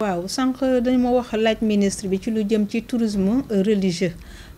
waaw sànq dañ ma wax laaj ministre bi ci lu jëm ci tourisme religieux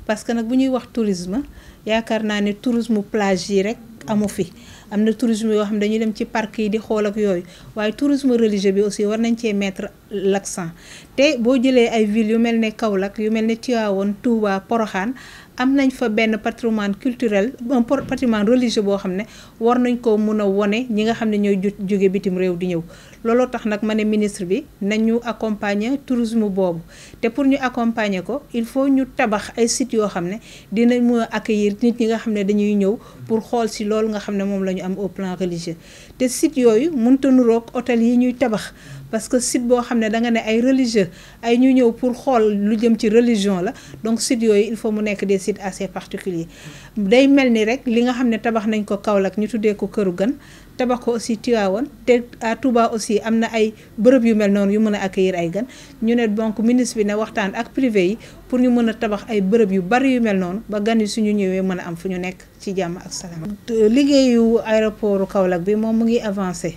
parce que nag bu ñuy wax tourisme yaakaar naa ne tourisme plage yi rek amu fi am na tourisme yoo xam ne dañuy dem ci parc yi di xool ak yooyu waaye tourisme religieux bi aussi war nañ cee lak l'accent te boo jëlee ay villes yu mel ne Kaolack yu mel ne Tivaouane Touba Porokhane am nañ fa benn patrimoine culturel un patrimoine religieux boo xam ne war nañ ko mun a wone ñi nga xam ne ñooy jóge bitim réew di ñëw looloo tax nag ma ne ministre bi nañu accompagner tourisme boobu te pour ñu accompagner ko il faut ñu tabax ay sites yoo xam ne dinañ mun a accueillir nit ñi nga xam ne dañuy ñëw pour xool si loolu nga xam ne moom la ñu am au plan religieux te sites yooyu mënta nuroog hôtel yi ñuy tabax parce que site boo xam ne da nga ne ay religieux ay ñu ñëw pour xool lu jëm ci religion la donc site yooyu il faut mu nekk des sites assez particuliers day mel ni rek li nga xam ne tabax nañ ko Kaolack ñu tuddee ko këru gan tabax ko aussi Tivaouane te à Touba aussi am na ay bërëb yu mel noonu yu mën a accueillir ay gan ñu ne donc ministre bi ne waxtaan ak privé yi pour ñu mën a tabax ay bërëb yu bari yu mel noonu ba gan yi suñu ñëwee mën a am fu ñu nekk ci jàmm ak salaam. liggéeyu aéroport Kaolack bi moom mu ngi avancé.